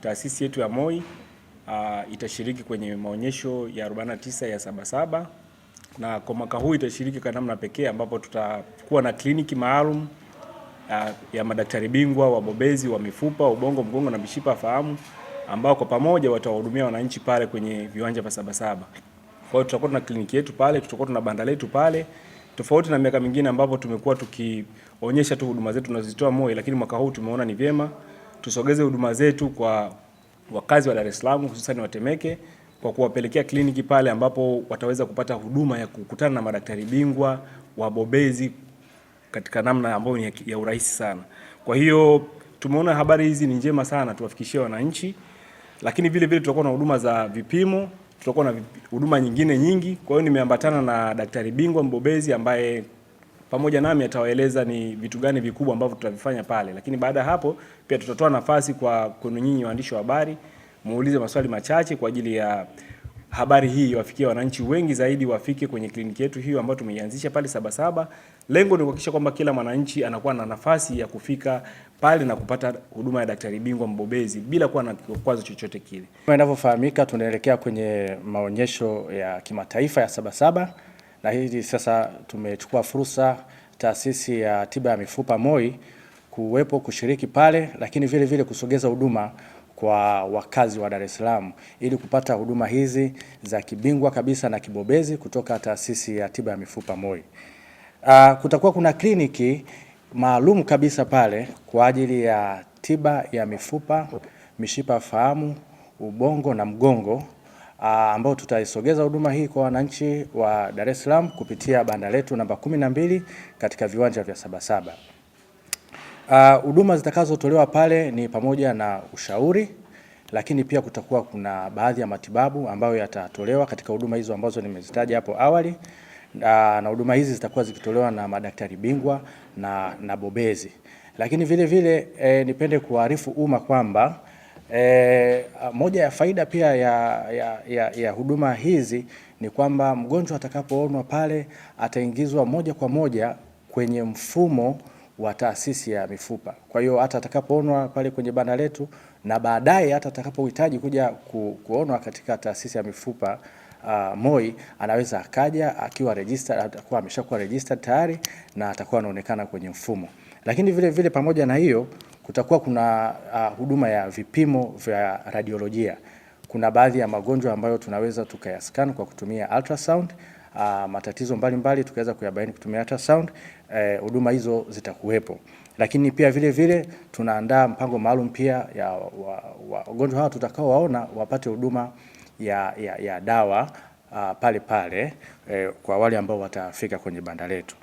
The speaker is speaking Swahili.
taasisi yetu ya MOI uh, itashiriki kwenye maonyesho ya 49 ya Sabasaba na kwa mwaka huu itashiriki kwa namna pekee ambapo tutakuwa na kliniki maalum uh, ya madaktari bingwa wabobezi wa mifupa, ubongo, mgongo na mishipa fahamu ambao kwa pamoja watawahudumia wananchi pale kwenye viwanja vya Sabasaba. Kwa hiyo tutakuwa na kliniki yetu pale, tutakuwa tuna banda letu pale, tofauti na miaka mingine ambapo tumekuwa tukionyesha tu huduma zetu tunazozitoa MOI, lakini mwaka huu tumeona ni vyema tusogeze huduma zetu kwa wakazi wa Dar es Salaam hususan wa Temeke kwa kuwapelekea kliniki pale ambapo wataweza kupata huduma ya kukutana na madaktari bingwa wabobezi katika namna ambayo ni ya urahisi sana. Kwa hiyo tumeona habari hizi ni njema sana tuwafikishie wananchi, lakini vile vile tutakuwa na huduma za vipimo, tutakuwa na huduma nyingine nyingi. Kwa hiyo nimeambatana na daktari bingwa mbobezi ambaye pamoja nami atawaeleza ni vitu gani vikubwa ambavyo tutavifanya pale, lakini baada ya hapo pia tutatoa nafasi kwa kwenu nyinyi waandishi wa habari muulize maswali machache kwa ajili ya habari hii wafikie wananchi wengi zaidi, wafike kwenye kliniki yetu hiyo ambayo tumeianzisha pale Sabasaba. Lengo ni kuhakikisha kwamba kila mwananchi anakuwa na nafasi ya kufika pale na kupata huduma ya daktari bingwa mbobezi bila kuwa na kikwazo chochote kile. Kama inavyofahamika, tunaelekea kwenye maonyesho ya kimataifa ya Sabasaba na hivi sasa tumechukua fursa taasisi ya tiba ya mifupa MOI kuwepo kushiriki pale, lakini vile vile kusogeza huduma kwa wakazi wa Dar es Salaam ili kupata huduma hizi za kibingwa kabisa na kibobezi kutoka taasisi ya tiba ya mifupa MOI. Uh, kutakuwa kuna kliniki maalum kabisa pale kwa ajili ya tiba ya mifupa, mishipa fahamu, ubongo na mgongo Ah, ambao tutaisogeza huduma hii kwa wananchi wa Dar es Salaam kupitia banda letu namba 12 katika viwanja vya Sabasaba. Ah, huduma uh, zitakazotolewa pale ni pamoja na ushauri, lakini pia kutakuwa kuna baadhi ya matibabu ambayo yatatolewa katika huduma hizo ambazo nimezitaja hapo awali ah, na huduma hizi zitakuwa zikitolewa na madaktari bingwa na, na bobezi, lakini vile vile eh, nipende kuarifu umma kwamba E, moja ya faida pia ya, ya, ya, ya huduma hizi ni kwamba mgonjwa atakapoonwa pale ataingizwa moja kwa moja kwenye mfumo wa taasisi ya mifupa. Kwa hiyo hata atakapoonwa pale kwenye banda letu na baadaye hata atakapohitaji kuja ku, kuonwa katika taasisi ya mifupa uh, MOI anaweza akaja akiwa registered, atakuwa ameshakuwa registered tayari na atakuwa anaonekana kwenye mfumo. Lakini vile vile pamoja na hiyo kutakuwa kuna uh, huduma ya vipimo vya radiolojia. Kuna baadhi ya magonjwa ambayo tunaweza tukayascan kwa kutumia ultrasound uh, matatizo mbalimbali tukaweza kuyabaini kutumia ultrasound. Eh, huduma uh, hizo zitakuwepo, lakini pia vile vile tunaandaa mpango maalum pia ya wagonjwa wa, hawa tutakao waona wapate huduma ya, ya, ya dawa uh, pale pale eh, kwa wale ambao watafika kwenye banda letu.